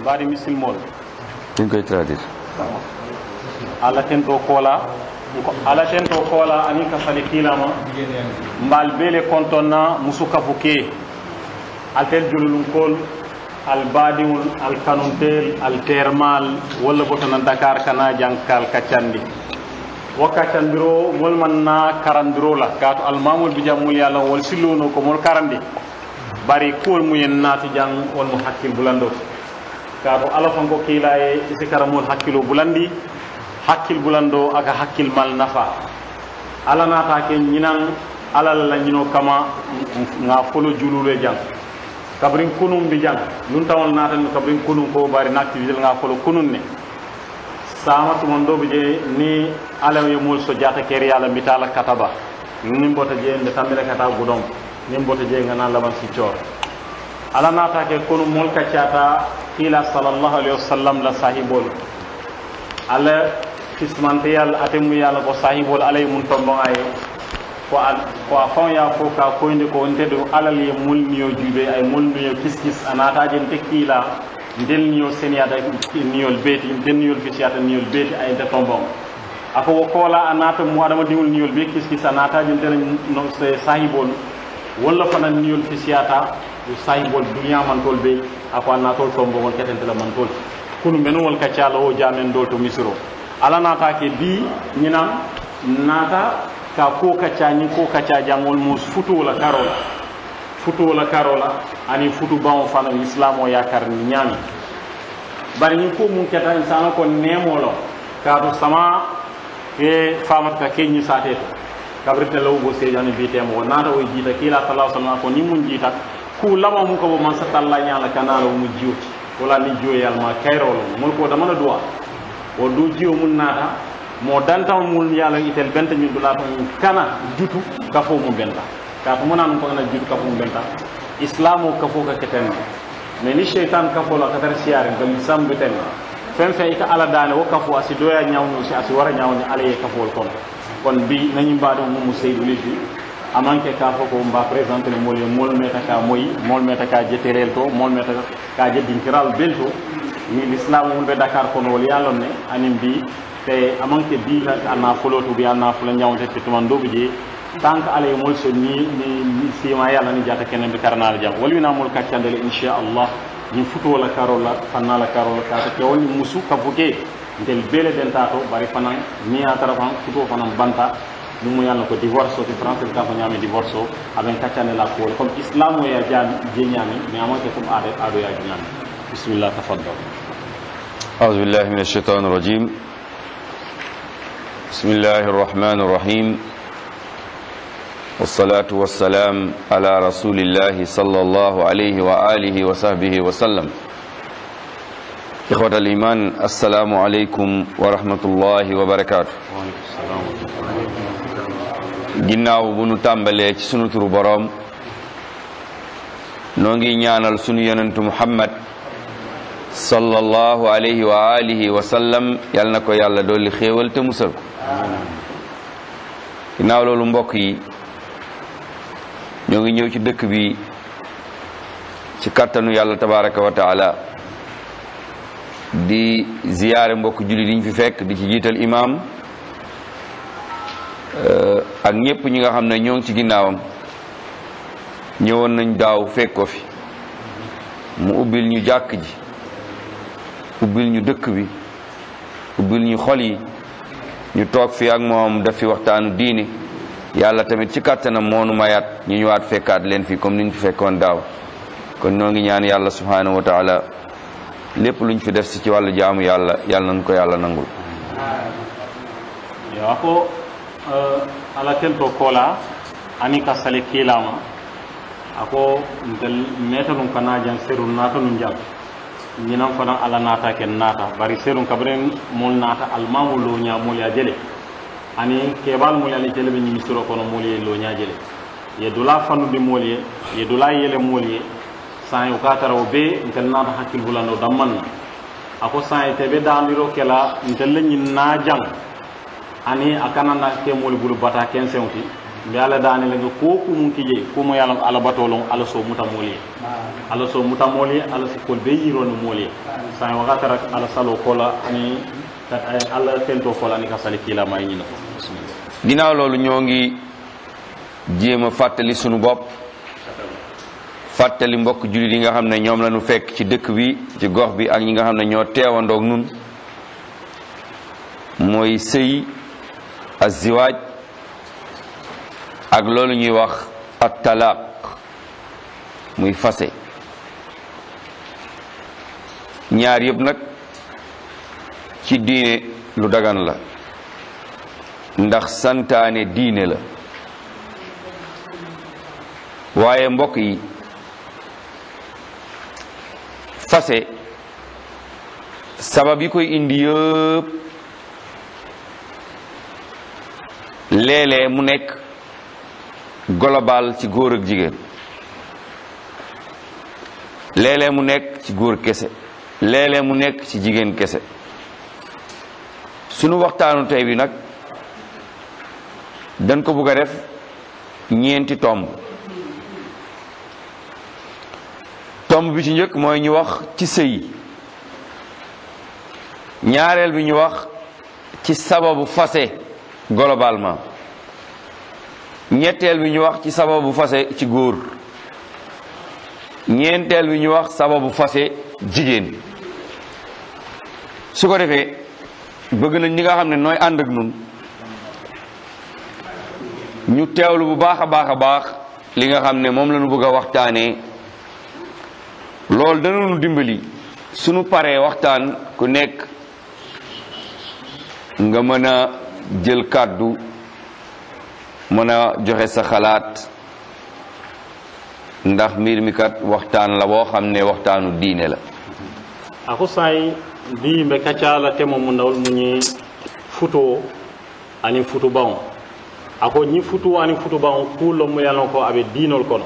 mbaɗi misilmol ɗum koye traduire alaten ɗo koola ko alaten to koola anin ka sali musu kafu ke altel jululunkol al baadiŋol al kanuntel al termal walla botona dakar kana jankal kaccandi wo kaccandiro mol man na karandiro la kaatu almamol bi jam mul ye lan wol sillono ko mol karandi bari kuwol muyen naati jang wol mu hakkil bulandoti ka ɗo ala fonko kiila e sikaramol hakkilo bulandi hakkil bulando aka hakkil mal nafa ala natake ñinan alal la ñino kama a folo julule jang kabrin kunum bi jang nun tawol natan kabrin kunum ko bari naktivité ga folo kunum ne sama tumon ɗo ɓe je ni alam yo mol so jata keri ala mbitala kataba nin bota je nde tammira kata gudom nin bota je gana laban siccor ala natake kono mol kaccata qila sallallahu alayhi la sahibolu ala kismante yalla atemu yalla ko sahibolu alay mun tomboŋaye ko ko a fawya fo ka koyde ko wonte ɗum alal ye molniyo juuɓe ay molniyo kiskis a nataji nte kiila ndel niyo seniyata niyol beeti ndel niyol bisiyata niyol beeti ayde tomboŋ ako wo koola a naata mo adama diŋol niyol be kiskis a nataji nden no sahibolu walla fananniyol fi siyata yo sayigol duniya mantol ɓe ako annatol tombogol ketentela mantol kono menowol kaccala o jamen dol to misiro ala nata ke bi ñinan nata ka ko kaccani ko kacca jangol mo futowola karola futowola karola ani futu bawo fana l'islam o yakar ni ñaami bari ñin ko mum keta la ko nemolo kaatu sama e famata ka keñi satete kabrite lawugo seejani mbiyetemo o naata oye jiita kiila sala sallam ko ni mum jiita ku lama mum kobo man satalla ñaala kanala omo jiyoti wala ni joyoyal ma kayrolo mum ko damana duwa o du jiyo mum naata mo dantan mum yaala itel benta ñum dula tan kana jutu kafo mo benta kaata mona num ko ana jutu kafo mo benta islam o kafo ka ketenno mais ni cheytan kafolo a katara siyaren kam sambe ten fen fe ika ala dane wo kafo kono mbi nañi mbaɗo mumu seydou leydi amanke ka fof ko mba présenté mol yo molmeta ka moyi molmeta ka jetterel to molmeta ka jeddinkiral bel to ni l'islam wonɓe dakar kono wol yallon ne anin mbi te amanke mbila a nafulo to mbiya nafula ñawte fettuman dow je tant que alay mol so ni ni sima yalla ni jata kenen ɓe karanaala jam wolwinamol kaccandele inchallah ñin futowola karolla fannala karolla kata kewolni musu ka bugue ngel beele ɗen ta to ɓaɗa fanan miyatara fan kuto fanan banta ɗum mo yalno ko divorce o te français tan ko ñaami divorce o aɓen kaccande la koole comme islam o ya jaami je ñaami mais amante comme aade aɗo ya ñaami bisimillah tafaddal أعوذ بالله من الشيطان الرجيم بسم الله الرحمن الرحيم والصلاة والسلام على رسول الله صلى الله عليه وآله وصحبه وسلم ixwat al iman asalaamu aleykum wa wa barakaatu ginnaaw bu nu tàmbalee ci sunu turu boroom noo ngi ñaanal sunu yonentu muhammad sallallahu alayhi wa alihi wa sallam yal ko yàlla dolli xéewal te musal ko ginnaaw loolu mbokk yi ñoo ngi ñëw ci dëkk bi ci kàttanu yàlla tabaraka wa taala di ziyaare mbokk jullit yi ñu fi fekk di ci jiital imaam eh, ak ñépp ñi nga xam ne ñoo ngi ci ginnaawam ñëwoon nañ daaw fekk ko fi mu ubbil ñu jàkk ji ubbil ñu dëkk bi ubbil ñu xol yi ñu toog fi ak moom def fi waxtaanu diini yàlla tamit ci kàttanam moonu mayaat ñu ñëwaat fekkaat leen fi comme ni ñu fi fekkoon daaw kon ñoo ngi ñaan yàlla subhanahu wa lépp luñ fi def si ci wàllu jaamu yàlla yàlla nañ ko yàlla nangul yo ko euh, ala ken to koola ani ka sali kiilama ako ntel meta num ka naajan serun naata num jal ñinan fanan ala naata ken naata bari serun kabren mol naata almamu loña molya jele ani keɓal mol ani jele ɓe ñimisiro kono mol ye loña jele ye dula fannude mol ye ye dula yele mol ye sayi o ka tara o be ntel naata hakkil bulando damman na a ko sayi teɓe dandiro kela ntelle ñin na jang ani a kanana ke moolu bulu bata ken sewti mbe ala dani lenge ko kumum kije kumo yalam ala batolon ala so muta mooli ala so muta mooli ala sikkol be yironi mooli sayi o ka tara ala salo kola ani eh, ala fento kola ani ka sali kilama e ñina fo bisimilla ginnaaw loolu ñoo ngi jéem a fàttali sunu bopp fàttali mbokk jullit yi nga xam ne ñoom la ñu fekk ci dëkk bi ci gox bi ak ñi nga xam ne ñoo teewandoog nun mooy sëy aziwaaj ak loolu ñuy wax at muy fase ñaar yëpp nag ci diine lu dagan la ndax santaane diine la waaye mbokk yi fase sabab yi koy indi yëpp léeg mu nekk global ci góor ak jigéen léeg mu nekk ci góor kese léeg mu nekk ci jigéen kese sunu waxtaanu tey bi nag dañ ko bëgg a def ñeenti tomb tomb bi ci njëkk mooy ñu wax ci sëy ñaareel bi ñu wax ci sababu fase globalement ñetteel bi ñu wax ci sababu fase ci góor ñeenteel bi ñu wax sababu fase jigéen su ko defee bëgg nañ ñi nga xam ne nooy ànd ak nun ñu teewlu bu baax a baax a baax li nga xam ne moom la ñu bëgg a waxtaanee loolu danañu dimbali suñu paree waxtaan ku nekk nga mën a jël kàddu mën a joxe sa xalaat ndax mbir mi kat waxtaan la boo xam ne waxtaanu diine la akusay bi mbe kacala temo mu ndawol mu ñi futo anin ba baŋo ako ñi futu anin futu baŋo kuu lomu yalon ko abe diinol kono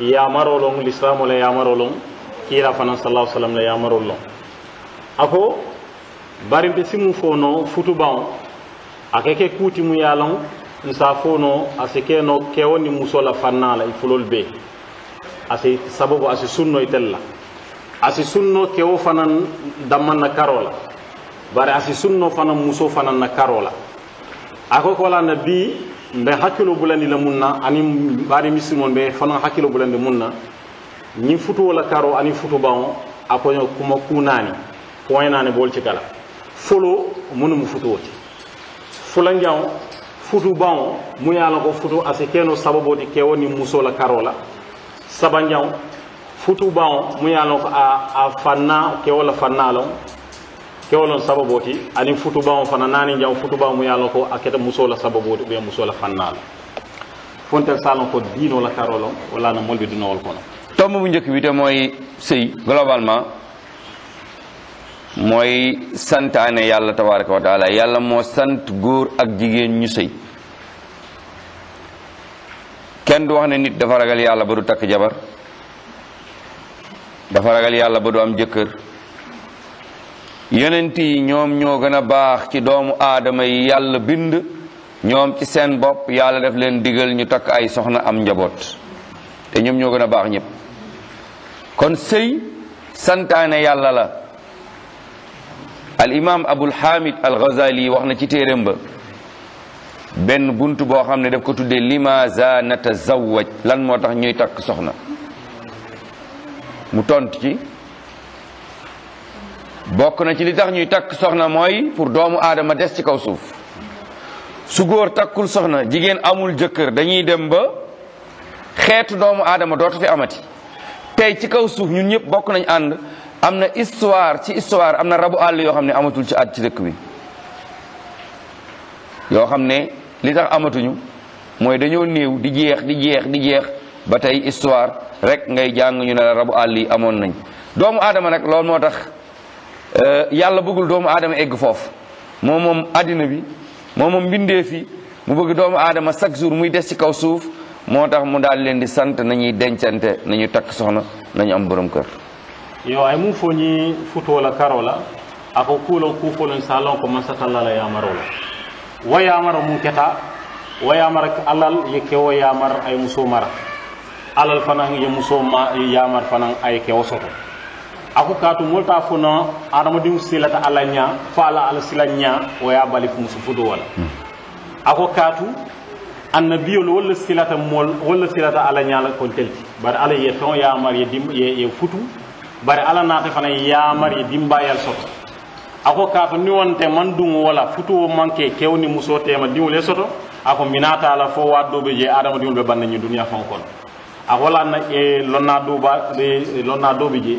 yamarolon l'islamu la yamarolon kila fana sallallahu alaihi wasallam la yamarolon ako bari be simu fono futuban akeke kuti mu yalon nsa fono asike no kewoni musola fanna la ifulol be asi sababu asi sunno itella asi sunno kewo fanan damman na karola bari asi sunno fanan muso fanan na karola ako kola na bi mbe hakkilo bulandi le mun na aniŋ baari misilimoolu be fanaŋ hakkilo bulandi mun na ñiŋ futuwo la karoo aniŋ futu baŋo a ko kuma kuu naani poŋ naani boolu cika la foloo munu mu futuwo ti fulanjaŋo futu baŋo ye a la ko futu a si keno sababoo ti kewo niŋ musoo la karoo la sabanjaŋo futu baŋo ye a loŋ ko a fanna kewo la fanna loŋ kewolon sababoti anin futubaŋo fana naani jaŋ futubaŋo mu ye a loŋ ko a keta musoo la sababoti ubiyeŋ musoo la fannaa la fontel se a loŋ ko diinoo la karoo loŋ walla na moolu be dunowol kono tomb bu njëkk bi te mooy sëy globalement mooy santaane yàlla tabaraka wa taala yàlla moo sant góor ak jigéen ñu sëy kenn du wax na nit dafa ragal yàlla ba du takk jabar dafa ragal yàlla ba du am jëkkër yonent yi ñoom ñoo gën a baax ci doomu aadama yi yàlla bind ñoom ci seen bopp yàlla def leen digal ñu takk ay soxna am njaboot te ñoom ñoo gën a baax ñëpp kon sëy santaane yàlla la al imam abul hamid al ghazali wax na ci téere ba benn bunt boo xam ne daf ko tuddee limaza natazawaj lan moo tax ñuy takk soxna mu tont ci bokk na ci li tax ñuy takk soxna mooy pour doomu aadama des ci kaw suuf su góor takkul soxna jigéen amul jëkkër dañuy dem ba xeetu doomu aadama dootu fi amati tey ci kaw suuf ñun ñëpp bokk nañ ànd am na histoire ci histoire am na rabu àll yoo xam ne amatul ci at ci dëkk bi yoo xam ne li tax amatuñu mooy dañoo néew di jeex di jeex di jeex ba tey histoire rek ngay jàng ñu ne la rabu àll yi amoon nañ doomu aadama nag loolu moo tax Euh, yàlla bëggul doomu aadama egg foofu moom moom àddina bi moom moom mbindee fi mu bëgg doomu aadama chaque jour muy des ci kaw suuf moo tax mu daal leen di sant nañuy dencante nañu takk soxna nañu am borom kër yo ay mu foñi futola karola ako kuulo kuufolon salon ko mansatallala yamarola wo yamara mum keta wo yamara alal ye kewo yamar ay muso mara alal fanan ye muso yamar fanan ay kewo soto akukatu molta fono adamadiŋo silata ala ña fo ala ala sila ña wo ye bali musu futu wala ako katu annabiyolu walla silata mool walla silata ala ñala kontel ti bari ala ye feŋo yamar ye dim ye ye futu bari ala naata fana yamar ye dimbayal soto ako kaato ni wonte man duŋo wala futuwo manke musoo tema diŋol ye soto ako minata la fo waat doo be je adamadiŋol be banna ñi duniya faŋo kono ako la na lonna duuba lonna doo be je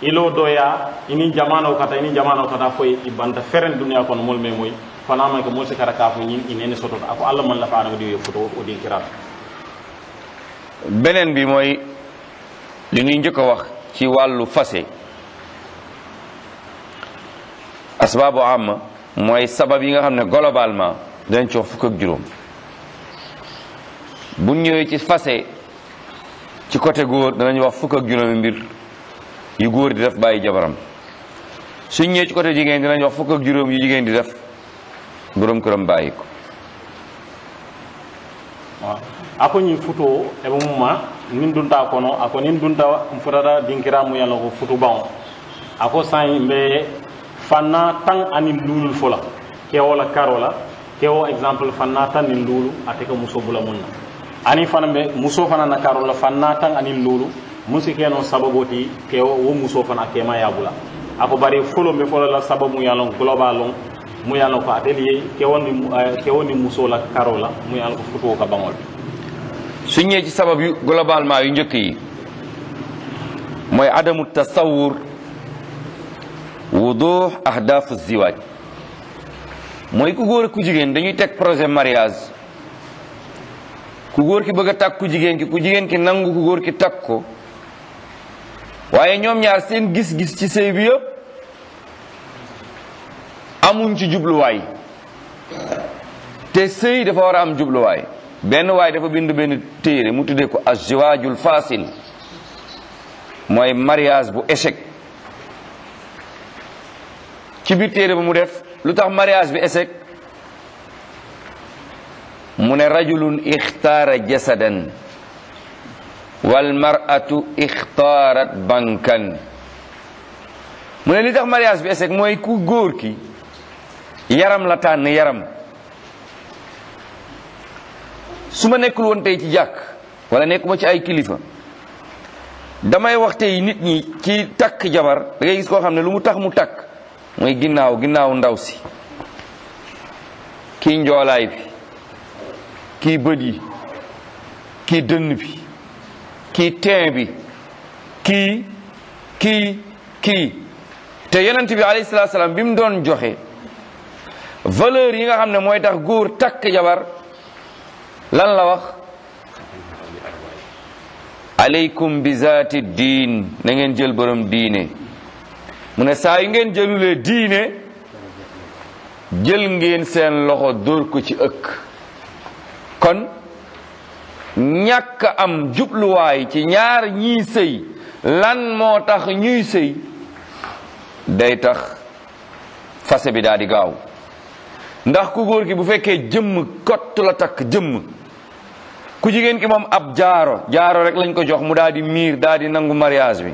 ilo doya ini jamano kata ini jamano kata foy i banta feren duniya kono mol me moy fana man ko mol se kata ka fo ñin inene ako allah man lafa ana o o di bi mooy li ñuy njëkk a wax ci wàllu fase asbaabu am mooy sabab yi nga xam ne globalement dañ ci fukk ak juróom bu ñëwee ci fase ci côté góor danañ wax fukk ak juróomi mbir yu góor di def bàyyi jabaram suñ ñëwee ci côté jigéen dinañ wax fukk ak juróom yu di def borom këram bàyyi ko. waaw akoñi futo e mo mumma nin dunta kono ako nin dunta fotata dinkiramu yalla ko futu baŋo ako sayi mbe fanna tan anin luulul fo la kewo la karo la kewo exemple fanna tan nin luulu ate ka muso bula mun na ani fana mbe muso fana na karo la fanna tan anin luulu musikeno sababoti ke wo muso fana kema yabula ako bari folo be folo la sababu ya lon global lon mu ya lon ko ateli ye ke woni eh, ke woni muso la mu ya lon ko futo ka bangol su ñëwee ci sabab yu globalement yu njëkk yi mooy adamu tasawur wuduux ahdafu ziwaaj mooy ku góor ku jigéen dañuy teg projet mariage ku góor ki bëgg a takk ku jigéen ki ku jigéen ki nangu ku góor ki takk ko waaye ñoom ñaar seen gis-gis ci sëy bi yëpp amuñ ci jubluwaay te sëy dafa war a am jubluwaay benn waay dafa bind benn téere mu tuddee ko azziwaajul fasil mooy mariage bu échec ci biir téere ba mu def lu tax mariage bi échec mu ne rajulun ixtaara jasadan wal mar'atu ixtaarat bankan mu ne li tax mariage bi échec mooy ku góor ki yaram la tànn yaram su ma nekkul woon tey ci jàkk wala nekkuma ci ay kilifa damay wax tey nit ñi ci takk jabar da gis koo xam ne lu mu tax mu takk mooy ginnaaw ginnaaw ndaw si ki njoolaay bi kii bët yi kii dënn bi kii teen bi kii kii kii te yonent bi alayhi salaatu bi mu doon joxe valeur yi nga xam ne mooy tax góor takk jabar lan la wax aleykum bi zaati na ngeen jël borom diine mu ne saa yu ngeen jëlulee diine jël ngeen seen loxo dóor ko ci ëkk kon ñàkk am jubluwaay ci ñaar ñiy sëy lan moo tax ñuy sëy day tax fase bi daal gaaw ndax ku góor ki bu fekkee jëmm kott la takk jëmm ku jigéen ki moom ab jaaro jaaro rekk lañ ko jox mu daal di miir daal di nangu mariage bi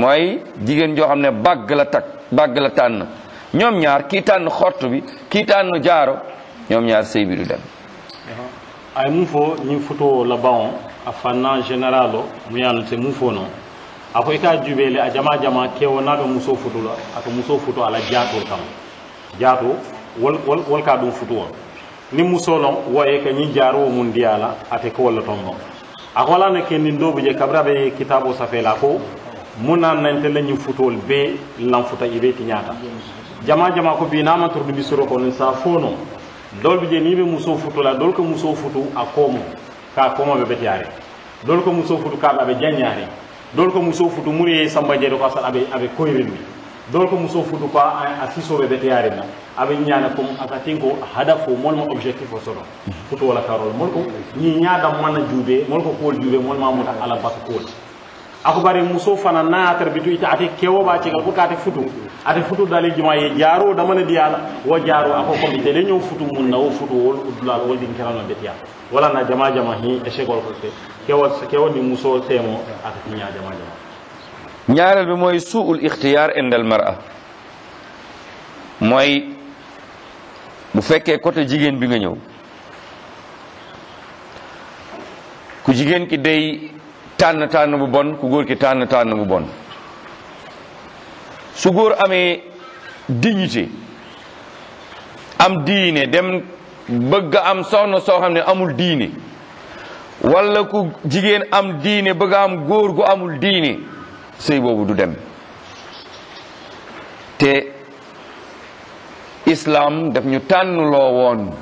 mooy jigéen joo xam ne bàgg la takk bàgg la tànn ñoom ñaar kii tànn xort bi kii tànn jaaro ñoom ñaar sëy bi du dem ay mum fo ñiŋ futoo la baŋo a fanna généralo mu ye a lote mum fo no a ko i ka jubee le a jama jama kewo naa be musoo futu la a ka musoo futu a la jaatoo kama jaato wol wol wol ka ɗum futuwo niŋ musoo loŋ wo ye ka ñiŋ jaaroo mun diya la ate ko wol le tombo a ko wala ne kendin doo bu je kabira be kitaaboo safee la ko mu naa nante la ñiŋ futool bee lanfuta i be tiñaata jama jama ko bii naa ma turdu bi suro dolɓe je ni ɓe la sofutola dolko mu sofutu a koomo ka koomoɓe ɓe yaari dolko mu sofutu kaɓe aɓe jaññaari dolko mu sofutu muriye samba jeeɗo ko asan aɓe aɓe koyrenmi dolko mu sofutu ko a fisoɓe ɓe yaarina aɓe ñaana comme akatin ko a o molmo objectif o sono futu wala karol molko ñi ñaaɗam mana juuɓe molko kool juuɓe molma muta ala baka kool akubari muso fana na bi tarbitu ita ate kewo ba ce futu ate futu dali juma ye jaro da mana diyala wo jaro ako ko bi tele nyon futu mun na wo futu wol udula wol din kana betiya wala na jama jama hi e she ko te kewo ni muso temo ate nya jama jama ñaaral bi mooy suul ixtiyaar indal mara mooy bu fekkee côté jigéen bi nga ñëw ku jigéen ki day tànn tànn bu bon ku góor ki tànn tànn bu bon su góor amee dignité am diine dem bëgg am soxna soo xam ne amul diine walla ku jigéen am diine bëgg am góor gu amul diine sëy boobu du dem te islam def ñu tànnloo woon bu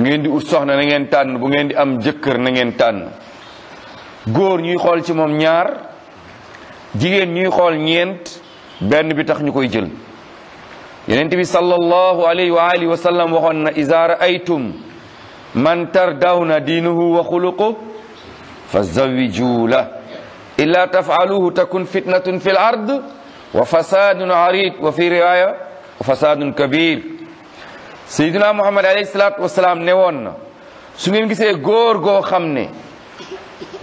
ngeen di ut soxna na ngeen tànn bu ngeen di am jëkkër na ngeen tànn góor ñuy xool ci moom ñaar jigéen ñuy xool ñeent benn bi tax ñu koy jël yonent bi sallallahu alayhi wa alihi wa waxoon na iza ra'aytum man tardawna diinuhu wa xuluqu fa zawiju la illa tafaaluhu takun fitnatun fi l wa fasadun arid wa fi riwaya wa fasadun kabir sayyidina muhammad alayhi salatu wasalaam ne woon na su ngeen gisee góor goo xam ne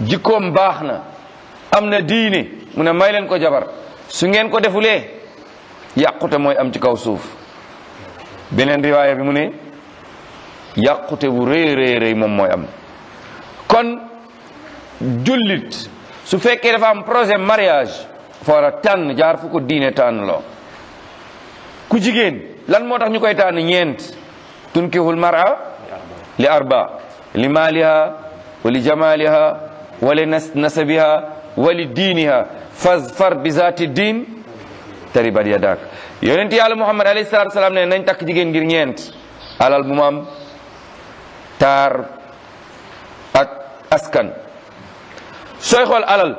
jikkoom baax na am na diine mu ne may ko jabar su ngeen ko defulee yàqute mooy am ci kaw suuf beneen riwaaya bi mu ne yàqute bu rëy rëy rëy moom mooy am kon jullit su fekkee dafa am projet mariage fa war a tànn jaar fu ko diine tànn loo ku jigéen lan moo tax ñu koy tànn ñeent tunkihul mar'a li arba li maaliha wa li wali nasabiha wali diiniha fazfar bi zaati diin taribat yadak yonent yàlla muhammad alayhi salatu wasalaam ne nañ takk jigéen ngir ñeent alal bu ma am taar ak askan sooy alal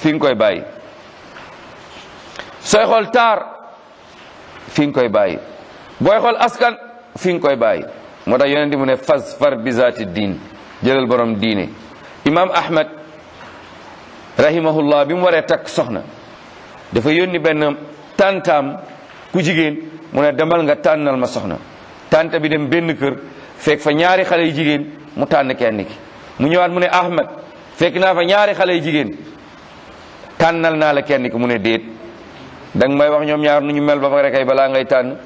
fi nga koy bàyyi sooy xool taar fi nga koy bàyyi booy xool askan fi nga koy bàyyi moo tax yonent mu ne fas far bi zaati diin jëlal borom diine imaam ahmad rahimahullah bi mu waree takk soxna dafa yónni benn tàntaam ku jigéen mu ne demal nga tànnal ma soxna tànta bi dem benn kër fekk fa ñaari xale yu jigéen mu tànn kenn ki mu ñëwaat mu ne ahmad fekk naa fa ñaari xale yu jigéen tànnal naa la kenn ki mu ne déet danga may wax ñoom ñaar nu ñu mel ba pare kay balaa ngay tànn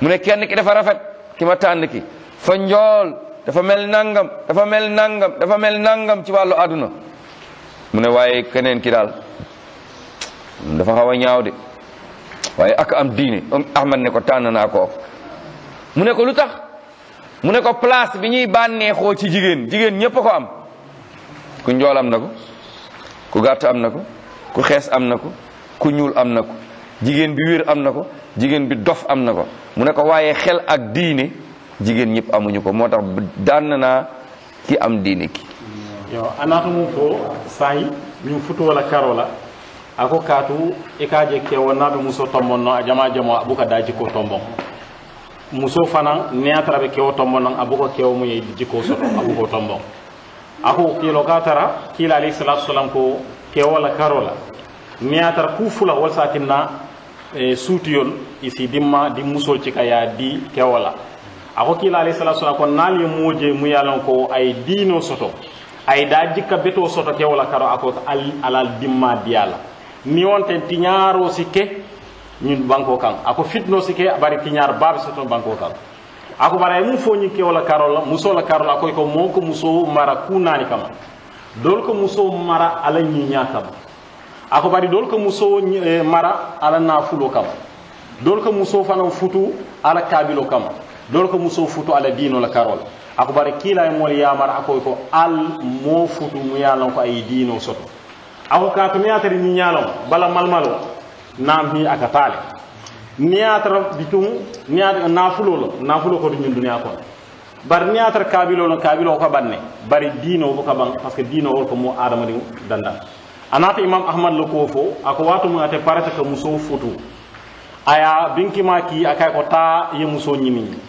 mu ne kenn ki dafa rafet ki ma tànn ki fa njool dafa mel nangam dafa mel nangam dafa mel nangam ci wàllu àdduna mu ne waaye keneen ki daal dafa xaw a ñaaw de waaye ak am diine um, Ahmad ne ko tànn naa ko mu ne ko lu tax mu ne ko place bi ñuy bànneexoo ci jigéen jigéen ñépp a ko am ku njool am na ko ku gàtt am na ko ku xees am na ko ku ñuul am na ko jigéen bi wér am na ko jigéen bi dof am na ko mu ne ko waaye xel ak diine jigéen ñëpp amuñu ko moo tax daan naa ki am diine ki yo anatumu fo sayi min futuwola karola ako katu i ka je ke wonnaɓe muso tombon noon a jama jamo a ɓuka da jikko tombon muso fana neyatara ɓe kewo tombon noon a ɓuka kewo muye jikko soto a ɓuko tombon ako kiilo ka tara kiila alayhi salatu wasalam ko kewola karola neyatara ku fula wol tinna e eh, suutiyol isi dimma di musol cika ya di kewola ako kiila alayhi salatu wasalam ko naal ye moo je mu yalon ko ay diino soto ay da jikka beto soto ke wala karo ako alal dimma diyala ni wonten tiñaaro sikke ñun banko kan ako fitno sikke bari tiñaar baabe soto banko kan ako bara mum fo ñikke wala karola musola karola akoy ko mo ko muso mara kunani kama dol ko muso mara ala ñiña kama ako ko muso eh, mara ala nafulo kama dol ko muso fana futu ala kabilo kama dol ko muso futu ala dino la karol akubari kila e mol yamar ako ko al mo futu mu yalon ko ay dino soto ako ka to miyatari ni nyalon bala malmalo nam hi aka tale niyatra bitum niyatra nafulo lo nafulo ko dum duniya ko bar niyatra kabilo lo kabilo ko banne bari dino ko ban parce que dino ko mo adama ni danda anata imam ahmad lo ko fo ako watu mu ate parata ko muso futu aya binki maki akay ko ta ye muso nyimi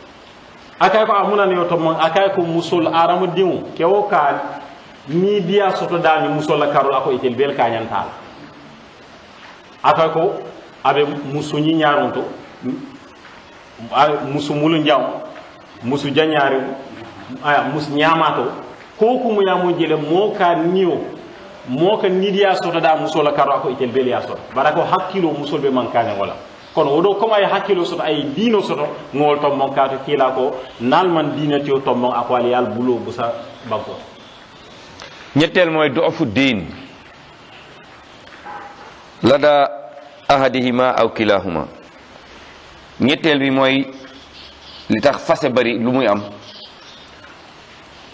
akay ko amunani yo to mon akay ko musol aramo diŋo kewo ka ni diya soto dani musol la karol ako itel bel ka ñantala akay ko abe musu ñi ñaaron to musu mulu njaw musu jañaari aya musu ñamato ko kumu ya mo jele mo ka niyo mo ka ni soto da musol la karol ako itel bel ya soto barako hakkilo musol be man kaña wala kono oɗo comme ay hakkilo soto ay diino soto ngowol tombon kato kiila ko nalman diinatiyo tombon ako ala yaal bulo busa banko ñetteel mooy doofu diin lada ahadihima aw kilahuma ñetteel bi mooy li tax fase bari lu muy am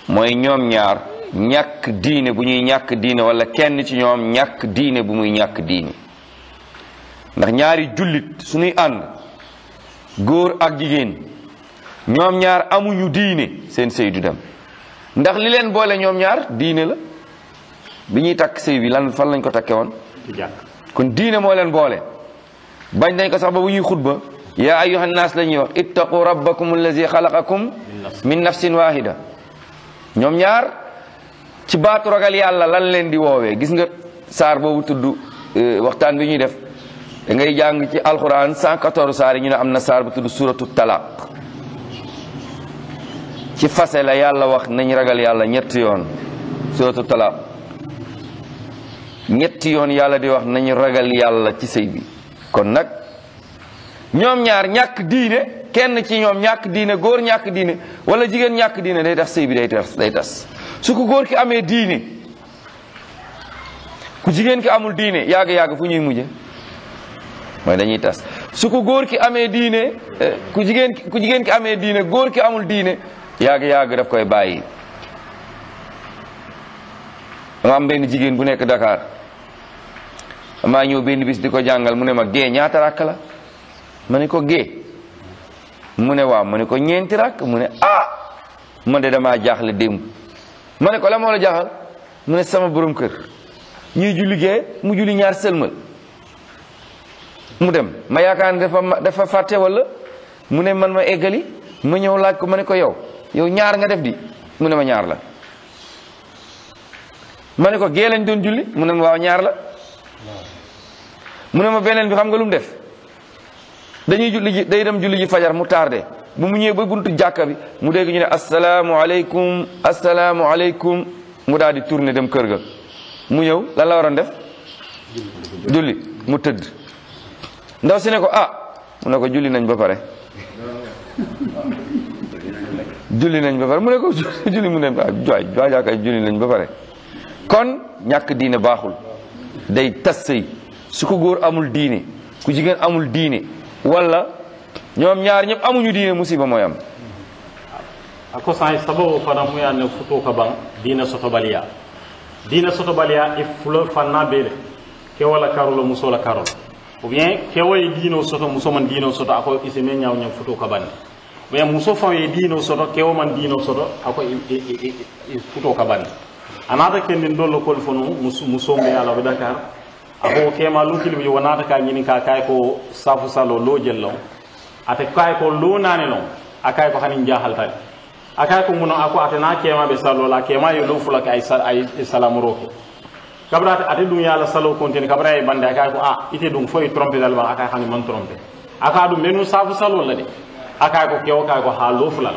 mooy ñoom ñaar ñàkk diine bu ñuy ñàkk diine wala kenn ci ñoom ñàkk diine bu muy ñàkk diine ndax ñaari jullit suñuy ànd góor ak jigéen ñoom ñaar amuñu diine seen sëy du dem ndax li leen boole ñoom ñaar diine la bu ñuy takk sëy bi lan fan lañ ko takke woon kon diine moo leen boole bañ nañ ko sax ba bu ñuy xutba yaa ayyuhan naas la ñuy wax ittaqu rabbakum allazi xalaqakum min nafsin wahida ñoom ñaar ci baatu rogal yàlla lan leen di woowee gis nga saar boobu tudd euh, waxtaan bi ñuy def dangay jàng ci alxuraan 114 saar yi ñu ne am na saar bu tudd suratu talaq ci fase la yàlla wax nañ ragal yàlla ñetti yoon suratu talaq ñetti yoon yàlla di wax nañ ragal yàlla ci sëy bi kon nag ñoom ñaar ñàkk diine kenn ci ñoom ñàkk diine góor ñàkk diine wala jigéen ñàkk diine day tax sëy bi day tas day tas su ko góor ki amee diine ku jigéen ki amul diine yàgg-yàgg fu ñuy mujje mooy dañuy tas su ko góor ki amee diine eh, ku jigéen ku jigéen ki amee diine góor ki amul diine yàgg-yàgg daf koy bàyyi dama am benn jigéen bu nekk dakaar maa ñëw benn bis di ko jàngal mu ne ma gée ñaata rakk la ma ni ko gée mu ne waa ma ne ko ñeenti rakk mu ne ah man de damaa jaaxle démb ma ne ko la moo la jaaxal mu ne sama borom kër ñuy julli gée mu julli ñaar sëlmal mu dem ma yaakaar ne defa fàtte wala mu ne man ma eggali ma ñëw laaj ko ma ne ko yow yow ñaar nga def di mu ne ma ñaar la ma ne ko gee lañ doon julli mu ne ma waaw ñaar la mu ne ma beneen bi xam nga lum def dañuy julli ji day dem julli ji fajar mu tardé bu mu ñëwee ba buntu jàkka bi mu dégg ñu ne assalaamu asalaamualeykum mu daal di tourné dem kër ga mu ñëw lan la waroon def julli mu tëdd ndaw si ne ko ah mu ne ko julli nañ ba pare julli nañ ba pare ko julli mu ne ah jooy nañ ba pare kon ñàkk diine baaxul day tas sëy su ko góor amul diine ku jigéen amul diine wala ñoom ñaar ñëpp amuñu diine musiba mooy am a ko sahi sababu fana muyanne futo ka ban diina sotobaliya diina sotobaliya i fulo fanna bele ke wala karola musola ou bien kewoye diino soto muso man diino soto ako isime ñaw ñam futu kabandi ou bien muso faŋ diino soto kewo man diino soto ako futo kabandi anata kendin dollo kol fo nu muso mbe a be dakar ako kema lunkilibu jo wonata ka ñini ka kay ko safu salo lo jel lon ate kay ko lo nani lon akay ko hanin jahaltani akay ko muno ako ate na kema be salo la kema yo lo fulaka kabrate ate ɗum yo allah salo kontini kabra a e bande akay ko a ah, ite a foye trompe dal wala akay hani man trompe aka ɗum ɓenum safu salol la a akay ko a kay ko ha lofulal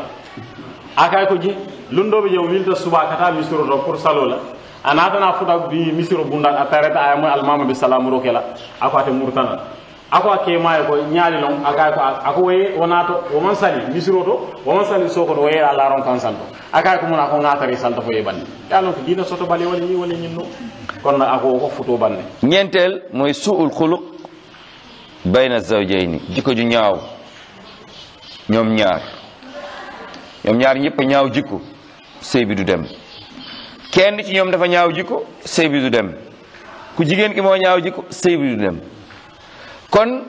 akay ko je lundoɓe je o wilta suba kata misiro to pour salola a natana futa bi misiro bundal a tareta ayamo almama ɓe salamuro kela ako ate murtanal ako a kemaye ko ñaali lon akay ko ako woye wonato woman sali misiro to woman sali soko to woyera laron kan santo akay ko mona ko gatari salta fo ye bande yalon ko dina soto bale wala ñi wala ñinno kon na ako fof futo banne ñeenteel mooy suul xuluq bayna zawjayni jikko ju ñaaw ñoom ñaar ñoom ñaar ñëpp ñaaw jikko sëy bi du dem kenn ci ñoom dafa ñaaw jikko sëy bi du dem ku jigéen ki moo ñaaw jikko sëy bi du dem kon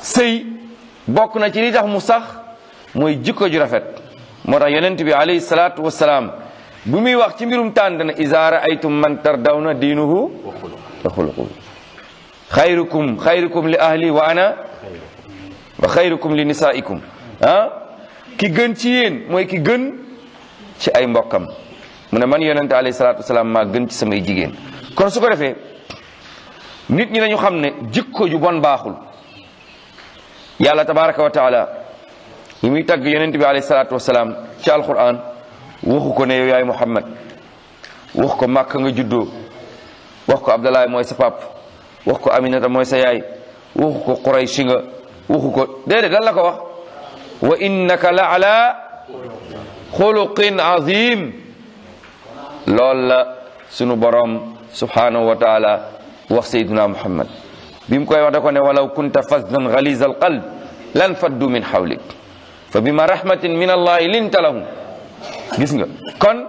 sëy bokk na ci li tax mu sax mooy jikko ju rafet moo tax yonent bi alayhi salaatu wassalaam bu muy wax ci mbirum tànn dana iza raaytum man tardawna diinuhu wa xuluqu xayrukum xayrukum li ahli wa ana wa xayrukum li nisaikum ah? ki gën ci yéen mooy ki gën ci ay mbokkam mu ne man yonente alayhi salaatu wasalaam maa gën ci samay jigéen kon su ko defee nit ñi dañu xam ne jikko ju bon baaxul yàlla tabaraka wa taala yi muy tagg yonente bi alayhi salaatu waxu ko ne yow yaay Muhammad wax ko Màkka nga juddoo wax ko Abdalaay mooy sa pap wax ko Aminata mooy sa yaay waxu ko Qurayshi nga waxu ko déedéet lan la ko wax wa innaka la ala xuluqin azim loolu la sunu borom subhanahu wa taala wax sayduna Muhammad bi mu koy wax da ko ne walaw kunta fazdan galiza alqalb lan faddu min hawlik fa bima rahmatin min allahi linta lahum gis nga kon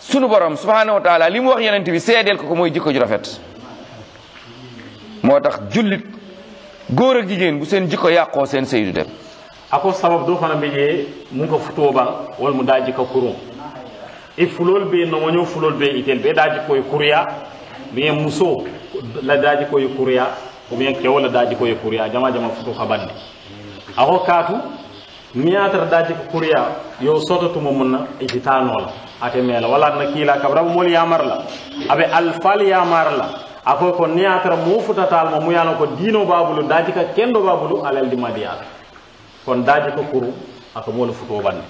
sunu borom subhanahu wa taala li mu wax yonent bi seedeel ko ko mooy jikko ju rafet moo tax jullit góor jigéen bu seen jikko yàqoo seen sëy du dem ako sabab do fana ɓeƴe mun ko futoɓan wonmo daji ka kurum e fulol ɓe nomoño fulol ɓe itel ɓe daji koye kurya mbiyen muso la daji koye kurya ou bien kewo la daji koye kurya jama jama ako katu miyatata ɗaati ko kuriya yo sototumo mum jitanola atemela wala na kiila kam rabu mol yamarla aɓe alfal yamarla ako ko niyatara mufutatal mo muyano ko diino babulu daati ka kendo babulu alaldi madiyata kono daati ko kuru ako molu futo banne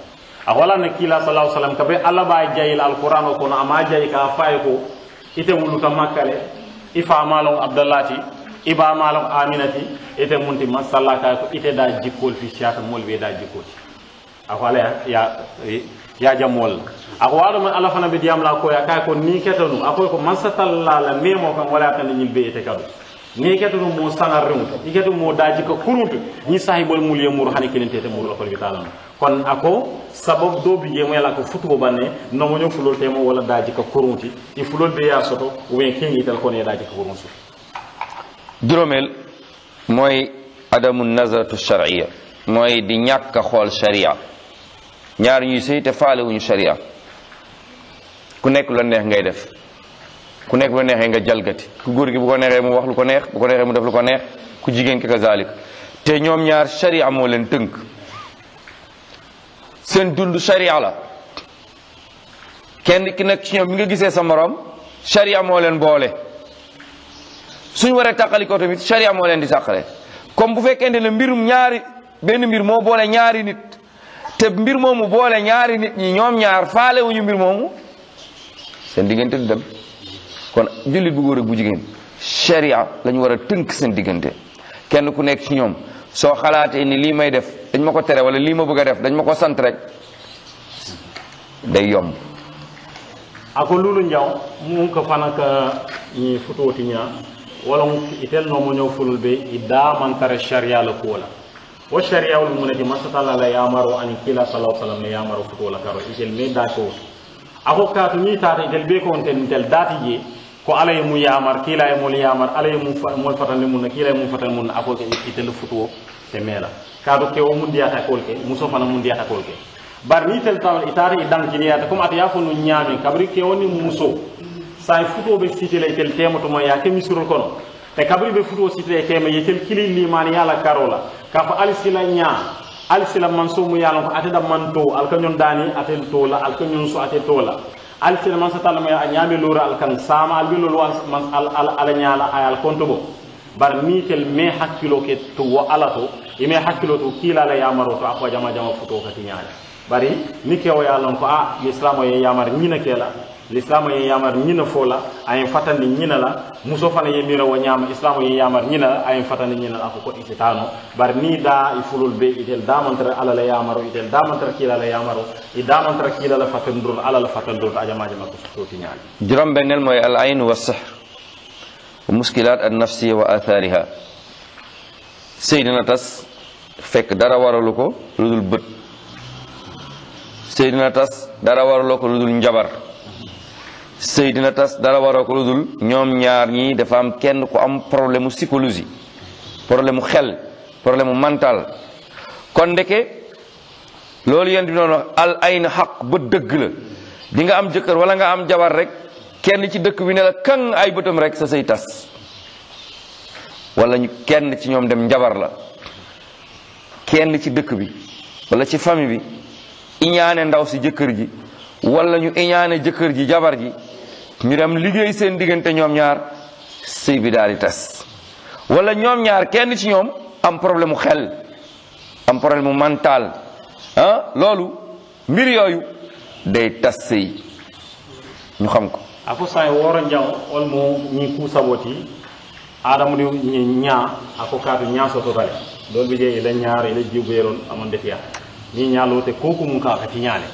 a walanna kiila salah sallam ka ɓe allah mbawi jayil alquran o kono ama jayi ka fayi ko ite wuluta makka ibamalam aminati ite munti masalla kay ko iteɗa jikkol fi siyata mol wiyeɗa jikkoti ako ala ya ya jam wolla ako waɗo men ala fana ɓe diyamla koya kay ko ni keta ɗum akoy ko mansatallala memo kam wala tande ñil be ite kaɗum ni keta ɗum mo sanar rewta i keta mo da jikka kurunta ñi sahibol mul yemuru hani kelintete muru okol witalama kono ako sababu do bi yemo yala ko futugo banne nomoño fulol temo walla da jikka kurunti i fulol ɓe ya soto ou bien keñital kono yeɗa jikka kurun soto juróomeel mooy adamu nazaratu sharia mooy di ñàkk xool sharia ñaar ñuy sëy te faalewuñu sharia ku nekk lu neex ngay def ku nekk la neexee nga jalgati ku góor gi bu ko neexee mu wax lu ko neex bu ko neexee mu def lu ko neex ku jigéen ki kazalik te ñoom ñaar sharia moo leen tënk seen dund sharia la kenn ki nag ci ñoom bi nga gisee sa morom sharia moo leen boole suñ waree tàqalikoo tamit charia moo leen di sàqale comme bu fekkente ne mbirum ñaari benn mbir moo boole ñaari nit te mbir moomu boole ñaari nit ñi ñoom ñaar faale wuñu mbir moomu seen diggante du dem kon jullit bu góor bu jigéen charia la ñu war a tënk seen diggante kenn ku nekk ci ñoom soo xalaatee ni lii may def dañ ma ko tere wala lii ma bëgg a def dañ ma ko sant rek day yomb ako lulu njaw mun ko fanaka ñi futuwoti ñaa wolon itelnomo ñowfulol ɓe i damantara sharia la kuwola wo sharia wol munati masatala la yamaro ani kila salah sallam le yamaro futowola karo itel me dakewo ako kaatu ni taata itel ɓe konten tel daati je ko ala ye mu yamar kiila ye mol yamar ala ye mu mol fatanle mun na kiila ye mum fatanle mun na ako ke itel futuwo e meela kaatu kewo mu ndiyata kol ke muso fana mu ndiyata kol ke bari ni tel tawol i taata i saye futoɓe sitile kel tematomo ya ke misirol kono e kabri ɓe futo sitile kema yetel kili limani yala karola kafa alisila ña alisila manso mu yalon ko ateɗa man to alkañon dani atel tola alkañon so ate tola alisila man satalmaya a ñaami lora alkan sama albelolo ala ñala ayal konto bo bar ni tel me hakkilo ke to wo ala to ime hakkilo to kiilala yamaro to akko jama jama futo kati ñaani bari ni kewo yalon ko a mi islamo ye yamar ñina kela l'islamo ye yamar ñina fo la ayen fatandi ñina la muso fana ye miro wo ñama islamo ye yamar ñina la ayen fatandi ñina la ako ko isitano bari ni da i fulol be itel damantara ala la yamaro itel damantara kila la yamaro i damantara kila la fatandol ala la fatandol ajamaje makko soti ñaali jurom bennel moy al ayn wa sihr wa muskilat an nafsiya wa athariha sey dina tas fekk dara waralu ko lu dul bët sey dina tas dara waralu ko lu dul njabar sëy dina tas dara waroo ko lu dul ñoom ñaar ñii dafa am kenn ku am problème mu psychologie problème mu xel problème mu mental kon ndeke loolu yéen di doon wax al ayn xaq ba dëgg la di nga am jëkkër wala nga am jabar rek kenn ci dëkk bi ne la kan ay bëtam rek sa sëy tas wala ñu kenn ci ñoom dem njabar la kenn ci dëkk bi wala ci famille bi iñaane ndaw si jëkkër ji wala ñu iñaane jëkkër ji jabar ji ñu dem liggéey seen diggante ñoom ñaar sëy bi daal di tas walla ñoom ñaar kenn ci ñoom am problème mu xel am problème mu mental ah, loolu mbir yooyu day tas sëy ñu xam ko ako saye woro jam olmo ñi ku saboti adama ɗi ña ako kaatu ñasototale ɗon ɓe jeeyi ila ñaar ila jiboyeron amon defiya ni ñalote koku mum ka kati ñaale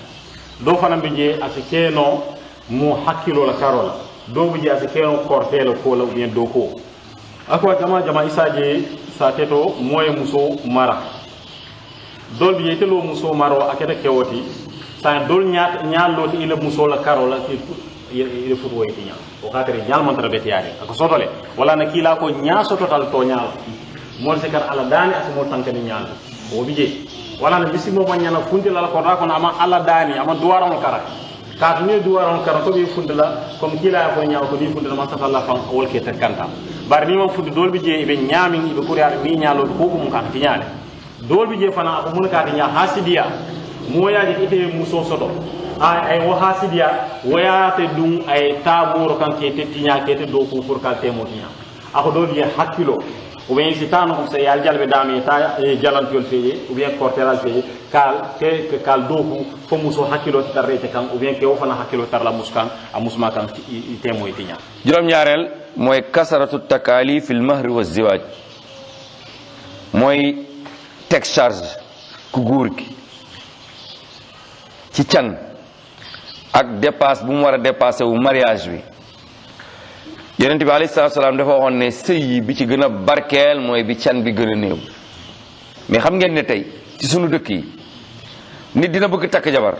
ɗo fana ɓe jeeyi ako keeno mo hakkilo la karo la dow bi je asi keno kortelo ko la ou bien dow ko ako jama jama isaje sa teto moye muso mara dol bi yetelo muso maro akete kewoti sa dol nyaat nyaalloti ila muso la karo la ila futu woyti ñal o xatere a mantara betiyaade ako sotole wala na kiila ko ñaa sototal to ñaal mool se kar ala daani asa mool tankani ñaal o bi je a na bisimmo ma ñana funtilala ko ra kono ama ala daani ama duwarono kara kaatuño duwaron karan ko ɓe fundala comme kiilaya koye ñaw ko ɓe fundala masatallah fan wolke tek kantam bari ni man funde dolɓe jeeye eɓe ñaamin eɓe koriyaɗo mbi ñaloɓe ko ko mum kan tiñaade dolɓe jee fana ko mun kaati ña ha sidiya moyaji ite muso soɗo ay wo ha sidiya woyate ɗum ay taaboro kan kete tiña kete dow kuforkal temotiña ako dolɓe jee hakkilo ou bien si tano on se yal jalbe dame euh, ta jalantiol feeje ou bien cortéral feeje kal ke ke kal doku fo muso hakkilo tarrete kan ou bien ke wofana hakkilo tarla muskan a musma kan temoy juróom ñaareel mooy kasaratu takalif al mahri wa ziwaj mooy teg charge ku góor gi ci can ak dépasse bu mu war a dépassé wu mariage bi yonent bi alayhi salaam dafa waxoon ne sëy yi bi ci gën a barkeel mooy bi can bi gën a néew mais xam ngeen ne tey ci sunu dëkk yi nit dina bëgg takk jabar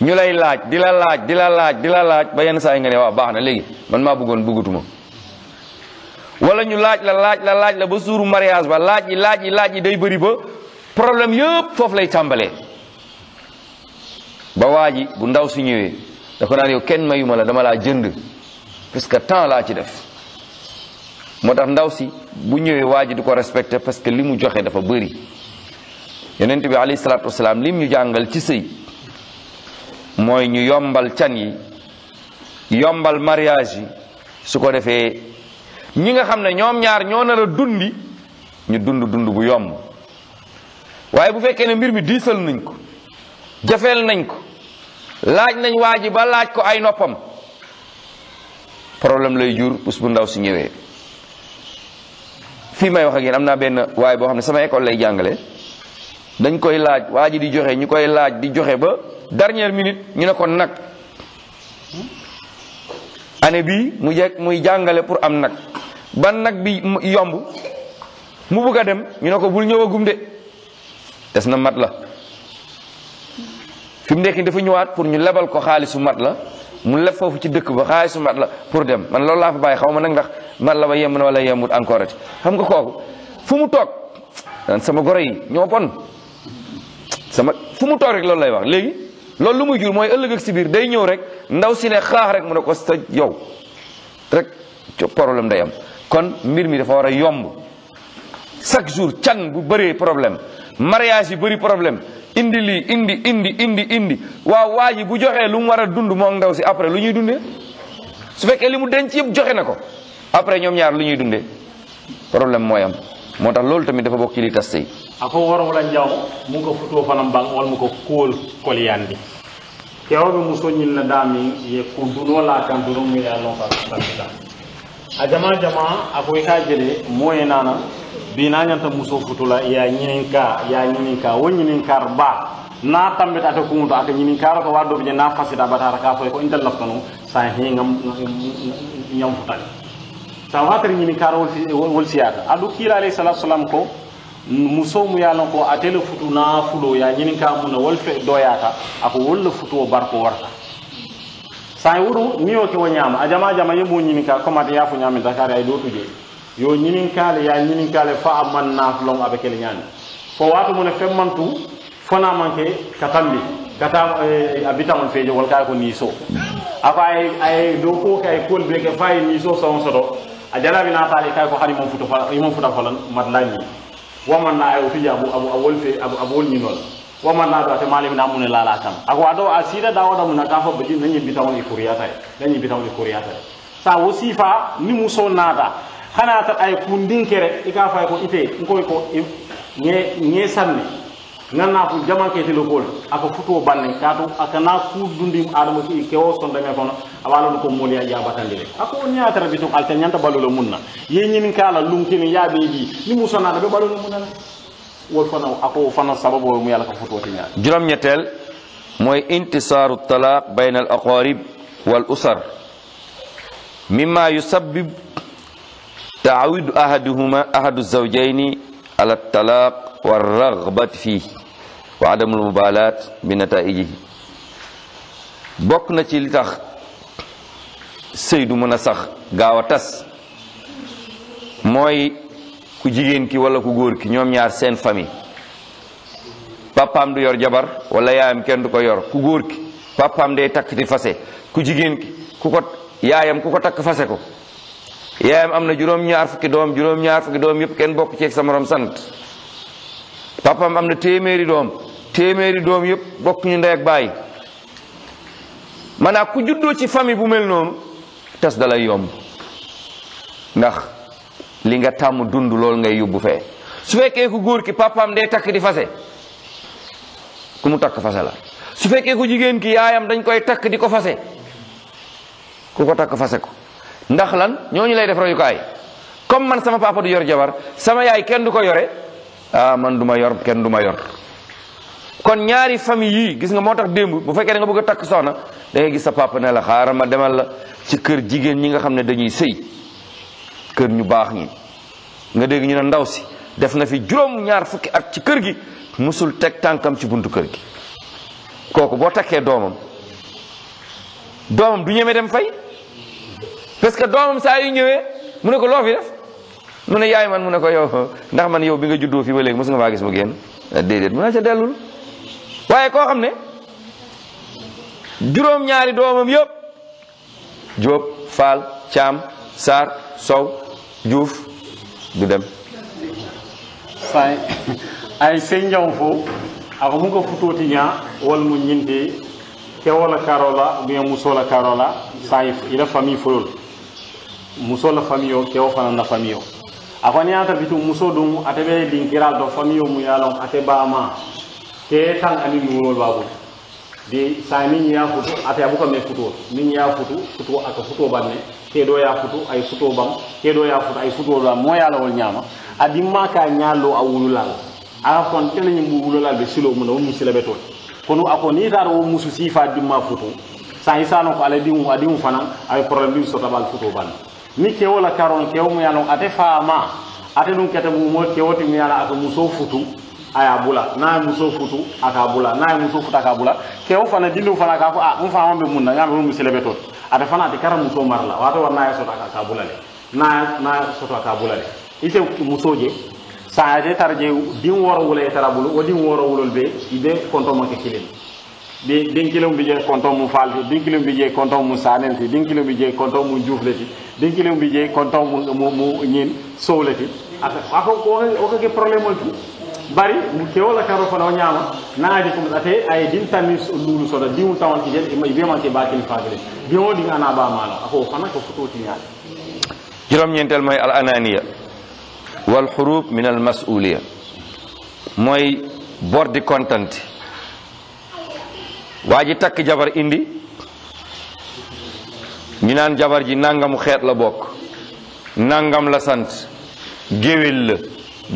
ñu lay laaj di la laaj di la laaj di la laaj ba yenn saa yi nga ne waaw baax na léegi man maa bëggoon bëggatuma wala ñu laaj la laaj la laaj la ba suuru mariage ba laaj yi laaj yi laaj yi day bëri ba problème yëpp foofu lay tàmbalee ba waa ji bu ndaw su ñëwee da ko naan yow kenn mayu la dama laa jënd que temps laa ci def moo tax ndaw si bu ñëwee waa ji di ko respecté parce que li mu joxe dafa bëri yonent bi alayhi salaatu wasalaam lim ñu jàngal ci sëy mooy ñu yombal can yi yombal mariage yi su ko defee ñi nga xam ne ñoom ñaar ñoo nar a dundi ñu dund dund bu yomb waaye bu fekkee ne mbir mi diisal nañ ko jafeel nañ ko laaj nañ waa ji ba laaj ko ay noppam problème lay jur bés bu ndaw si ñëwee fii may wax ak yéen am naa benn waaye boo xam ne sama école lay jàngale dañ koy laaj waa ji di joxe ñu koy laaj di joxe ba dernière minute ñu ne ko nag année bii mu jekk muy jàngale pour am nag ban nag bi yomb mu bëgg a dem ñu ne ko bul ñëwagum de des na mat la fi mu nekk dafa ñëwaat pour ñu lebal ko xaalisu mat la mu leb foofu ci dëkk ba su mat la pour dem man lool laa fa bàyyi xaw ma nag ndax mat la ba yemb na wala yemut encore ati xam nga kooku fu mu toog sama goro yi ñoo bon sama fu mu toog rek loolu lay wax léegi loolu lu muy jur mooy ëllëg ak si biir day ñëw rek ndaw si ne xaax rek mu ne ko sa yow rek problème day am kon mbir mi dafa war a yomb chaque jour can bu bëree problème mariage yi bëri problème indi lii indi indi indi indi waaw waa ji bu joxee lu mu war a dund moo ndaw si après lu ñuy dundee su fekkee li mu denc yëpp joxe na ko après ñoom ñaar lu ñuy dundee problème mooy am moo tax loolu tamit dafa bokk ci li tas sëy ako worowla njaw mu ko futoo fanam bang walla mu ko kool kolyandi kewɓe mu soñil na daamin ye ko dunolaa kan duno mu ye a lonka a jama jama ako i ka jele moye naana binañanta muso futula ya ñininka ya ñininka wo ñininkar ba na tambita ata a aka ñininkaro ko waddo je na fasita batata ka foy ko intel laftono sa he ngam ñam futale sa watere ñininkaro wol siyata adu kila alayhi salatu wasalam ko muso mu yalon ko atele futu na fulo ya ñininka mun wol fe doyata ako wolla futuwo barko warta sa wuro niyo ke wo ñama a jama jama yebo ñininka comme ata yafu ñamin dakar yo a ya ñininkaale fa a a naafulon aɓe kele ñaami fo waatu mune femmantu fona manke katambi kata eh, a bitamol feejo a kaye ko niiso ako ay aye dow ko ke ay kool beke a ye niiso sawon soto a jalaɓi naataali kaye a hani imon futa fala imon futa falan matlañi wamanna aye o fija a wol fe a wol ñinol wamanna a ate malimina mune a kam ako a dow a siida dawoɗa muna ka fo baɗi nañi bitamol e koriyata e nañi bitamol e koriyata e sa wo siifa ni muso naata hana tan ay ko ndinkere ika fay ko ite koy ko ñe sanne ganna ko jamankete lokol aka futo banne kaatu aka na kuuddundim adama a ko mooli a jabatandi le ako on ñatara bi tum alta ñanta balula munna ye ñinin kala lunkini yaaɓe ɗi ni musanaɗa ɓe balula munana wol fana ako mu yala ka futoti ñaat juróom ñetteel mooy intisaaru talaq bayna al aqarib wal taawidu ahaduhuma ahadu zawjayni ala talaaq wa ragbati fiihi wa adamul mubaalaat bi nataijihi bokk na ci li tax sëy du mën a sax gaaw a tas mooy ku jigéen ki wala ku góor ki ñoom ñaar seen famille papaam du yor jabar wala yaayam kenn du ko yor ku góor ki papaam day takk di fase ku jigéen ki ku ko yaayam ku ko takk fase ko yaayam am na juróom-ñaar fukki doom juróom-ñaar fukki doom yëpp kenn bokk ci samaroom sant papaam am na téeméeri doom téeméeri doom yëpp bokk ñu ndey ak baay maanaam ku juddoo ci famille bu mel noonu tas dalay yomb ndax li nga tàmm dund loolu ngay yóbbu fee su fekkee ku góor ki papaam day takk di fase ku mu takk fase la su fekkee ku jigéen ki yaayam dañ koy takk di ko fase ku ko takk fase ko ndax lan ñoo ñu lay def royukaay comme man sama papa du yor jabar sama yaay kenn du ko yore ah man du ma yor kenn du ma yor kon ñaari famille yii gis nga moo tax démb bu fekkee da nga bëgg a takk soxna da ngay gis sa papa ne la xaaral ma demal la ci kër jigéen ñi nga xam ne dañuy sëy kër ñu baax ñi nga dégg ñu ne ndaw si def na fi juróom ñaar fukki ak ci kër gi mësul teg tànkam ci buntu kër gi kooku boo takkee doomam doomam du ñeme dem fay parce que doomam saa yu ñëwee mu ne ko loo fi def mu ne yaay man mu ne ko yow ndax man yow bi nga juddoo fii ba léegi mos nga faa gis mu ne waaye koo xam ne juróom-ñaari doomam yëpp Jóob Faal Caam Saar Sow Juuf du dem say ay sey jaw fo ako mu ko futotiña wal mu ñinte ke wala karola bien mu sola karola sa ila famille folol muso la famiyo kewo fana na famiyo a kɔni y'a ta bitu muso dun ate bɛ linkira dɔ famiyo mu y'a lɔn ate baa ma ke tan ani nuuro b'a bolo de saa ni y'a futu ate a b'u ka mɛ futu ni y'a futu futu a ka futu ba mɛ ke dɔ y'a futu a ye futu futu a ye futu ba mɔ y'a la wali ɲaama a di ma k'a ɲa lo a wulula la a ka fɔ tele ɲin b'u wulula bɛ silo mun na a ko n'i taara o musu si fa di ma futu san i saa nɔ ko ale a a ye kɔrɔlen ni kewo la karon kewo a yalon ate faama ate ɗum kete mumo kewoti mu yala aka muso futu aya bula na ye muso futu aka bula na ye muso futu aka bula kewo fana dindiw fana ka fo a n faama be mun na ŋa mbe mu silebe tot ate fana ate kara muso mara la wato war na ye soto aka bula le na na soto aka bula le ite muso je saate tara je din woro wula ye tara bulu wo din woro be i be kontomanke kilin ɓe ɗenkilon mbije konton mum falti ɗenkilon mbije konton mum sanelti ɗenkilon mbije mu ñin sowleti ako okake probléme ol tout bari kewola karo fana o ñaama naadi comme ate aye din tanni al ananiya min al masuliya moy bordi contante waa ji takk jabar indi ñu naan jabar ji nangamu xeet la bokk nangam la sant géwél la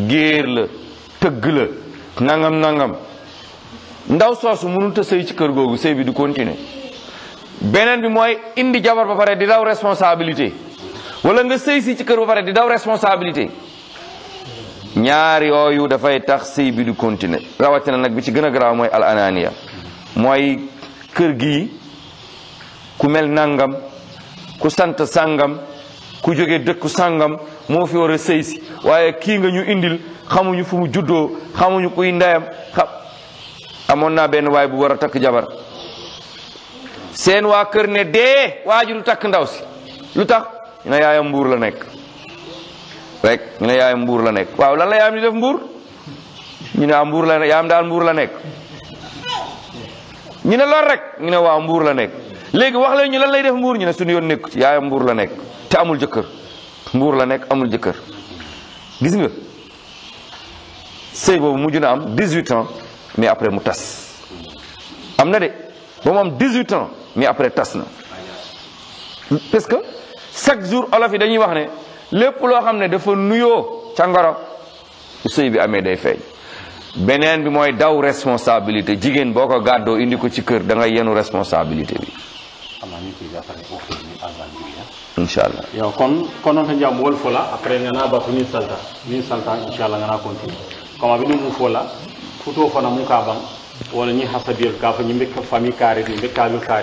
géer la tëgg la nangam nangam ndaw soosu mënut a sëy ci kër googu sëy bi du continuer beneen bi mooy indi jabar ba pare di daw responsabilité wala nga sëy si ci kër ba pare di daw responsabilité ñaar yooyu dafay tax sëy bi du continuer rawatina nag bi ci gën a garaaw mooy al ananiya mooy kër gi ku mel nangam ku sant sàngam ku jóge dëkku sangam moo fi war a sëy waaye kii nga ñu indil xamuñu fu mu juddoo xamuñu kuy ndeyam xam amoon naa benn waay bu war a takk jabar seen waa kër ne dee waa ji takk ndaw si lu tax ñu ne yaayam mbuur la nekk rek ñu mbuur la nekk waaw lan la yaayam di def mbuur ñu ne ah mbuur la yaayam daal mbuur la nekk ñu ne lool rek ñu ne waaw mbuur la nekk léegi wax leen ñu lan lay def mbuur ñu ne suñu yoon nekku ci yaayam mbuur la nekk te amul jëkkër mbuur la nekk amul jëkkër gis nga sëy boobu mujj na am 18 ans mais après mu tas am na de ba mu am 18 ans mais après tas na parce que chaque jour olof yi dañuy wax ne lépp loo xam ne dafa nuyoo ca ngoro bi amee day feeñ beneen bi mooy daw responsabilité jigéen boo ko gàddoo indi ko ci kër da nga yenu responsabilité bi inshallah yo kon kononta jam wol fola après ngana batu ni salta ni salta inshallah ngana continue comme abini mu fola futo fana mu ka ban wala ni hasabiyel ka fa ni mbek fami kare ni mbek kalu kare